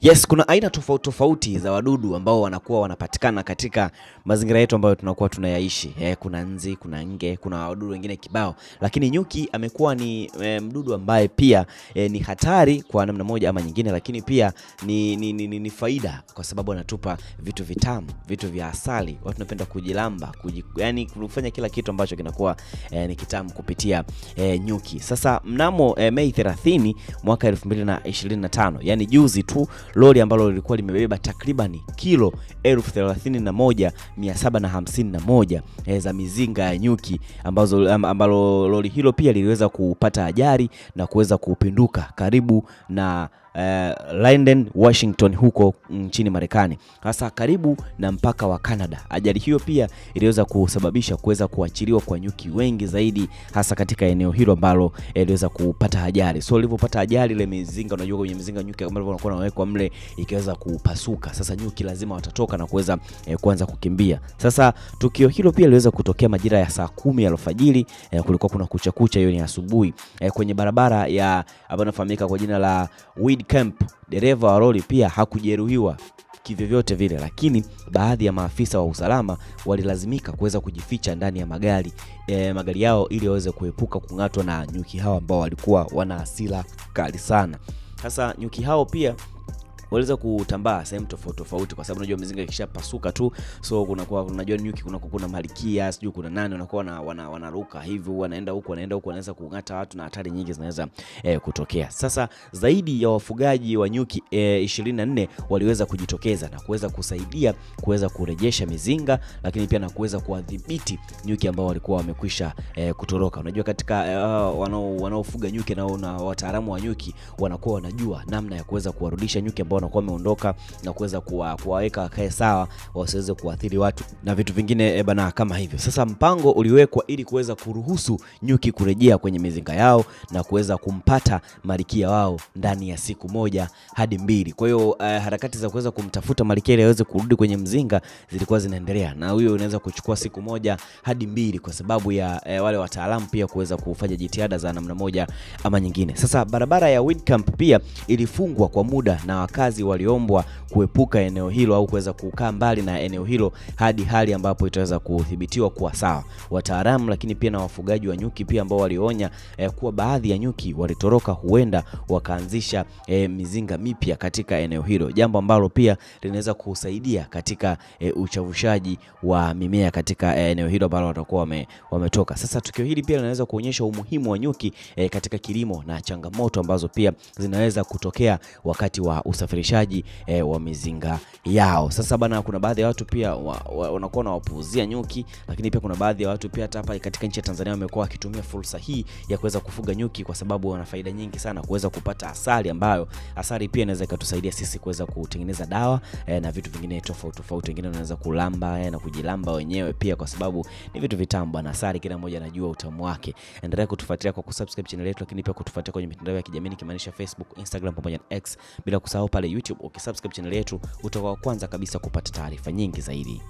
Yes, kuna aina tofauti tofauti za wadudu ambao wanakuwa wanapatikana katika mazingira yetu ambayo tunakuwa tunayaishi. Eh, kuna nzi, kuna nge, kuna wadudu wengine kibao, lakini nyuki amekuwa ni eh, mdudu ambaye pia eh, ni hatari kwa namna moja ama nyingine, lakini pia ni, ni, ni, ni, ni faida kwa sababu anatupa vitu vitamu, vitu vya asali. Watu napenda kujilamba, kujiku, yani kufanya kila kitu ambacho kinakuwa eh, ni kitamu kupitia eh, nyuki. Sasa mnamo eh, Mei 30 mwaka 2025, yani juzi tu lori ambalo lilikuwa limebeba takribani kilo 31751 eh, za mizinga ya nyuki ambazo, ambalo lori hilo pia liliweza kupata ajali na kuweza kupinduka karibu na uh, London, Washington huko nchini Marekani, hasa karibu na mpaka wa Canada. Ajali hiyo pia iliweza kusababisha kuweza kuachiliwa kwa nyuki wengi zaidi, hasa katika eneo hilo ambalo eh, iliweza kupata ajali. So ilipopata ajali ile mizinga, unajua kwenye mizinga nyuki ambao wanakuwa wanawekwa mle, ikiweza kupasuka, sasa nyuki lazima watatoka na kuweza eh, kuanza kukimbia. Sasa tukio hilo pia iliweza kutokea majira ya saa kumi alfajiri, eh, kulikuwa kuna kucha kucha, hiyo ni asubuhi, eh, kwenye barabara ya ambayo inafahamika kwa jina la Weed camp, dereva wa lori pia hakujeruhiwa kivyovyote vile, lakini baadhi ya maafisa wa usalama walilazimika kuweza kujificha ndani ya magari e, magari yao ili waweze kuepuka kung'atwa na nyuki hao ambao walikuwa wana hasira kali sana. Sasa nyuki hao pia waliweza kutambaa sehemu tofauti tofauti, kwa sababu unajua mizinga ikishapasuka tu, so kunakuwa unajua nyuki, kuna kuna malikia, sijui kuna nani, wanakuwa wana, wanaruka hivi, wanaenda huku wanaenda huku, wanaweza kung'ata watu na hatari nyingi zinaweza eh, kutokea. Sasa zaidi ya wafugaji wa nyuki eh, 24 waliweza kujitokeza na kuweza kusaidia kuweza kurejesha mizinga, lakini pia na kuweza kuwadhibiti nyuki ambao walikuwa wamekwisha eh, kutoroka. Unajua katika eh, wanaofuga nyuki na wataalamu wa nyuki wanakuwa wanajua namna ya kuweza kuwarudisha nyuki ambao wanakuwa wameondoka na kuweza kuwaweka wakae sawa, wasiweze kuathiri watu na vitu vingine eh, bana kama hivyo. Sasa mpango uliwekwa ili kuweza kuruhusu nyuki kurejea kwenye mizinga yao na kuweza kumpata malikia wao ndani ya siku moja hadi mbili. Kwa hiyo uh, harakati za kuweza kumtafuta malikia ili aweze kurudi kwenye mzinga zilikuwa zinaendelea, na huyo inaweza kuchukua siku moja hadi mbili kwa sababu ya uh, wale wataalamu pia kuweza kufanya jitihada za namna moja ama nyingine. Sasa barabara ya Windcamp pia ilifungwa kwa muda na wakati wakazi waliombwa kuepuka eneo hilo au kuweza kukaa mbali na eneo hilo hadi hali ambapo itaweza kudhibitiwa kuwa sawa. Wataalamu lakini pia na wafugaji wa nyuki pia ambao walionya eh, kuwa baadhi ya nyuki walitoroka huenda wakaanzisha eh, mizinga mipya katika eneo hilo, jambo ambalo pia linaweza kusaidia katika eh, uchavushaji wa mimea katika eh, eneo hilo ambalo watakuwa wame, wametoka. Sasa tukio hili pia linaweza kuonyesha umuhimu wa nyuki eh, katika kilimo na changamoto ambazo pia zinaweza kutokea wakati wa usafiri usafirishaji e, wa mizinga yao. Sasa bana, kuna baadhi ya watu pia wanakuwa wa, wanawapuuzia nyuki, lakini pia kuna baadhi ya watu pia hata hapa katika nchi ya Tanzania wamekuwa wakitumia fursa hii ya kuweza kufuga nyuki, kwa sababu wana faida nyingi sana, kuweza kupata asali, ambayo asali pia inaweza ikatusaidia sisi kuweza kutengeneza dawa e, na vitu vingine tofauti tofauti. Wengine wanaweza kulamba e, na kujilamba wenyewe pia, kwa sababu ni vitu vitamu bana. Asali kila mmoja anajua utamu wake. Endelea kutufuatilia kwa kusubscribe channel yetu, lakini pia kutufuatilia kwenye mitandao ya kijamii nikimaanisha Facebook, Instagram pamoja na X, bila kusahau pale YouTube, ukisubscribe channel yetu utakuwa kwanza kabisa kupata taarifa nyingi zaidi.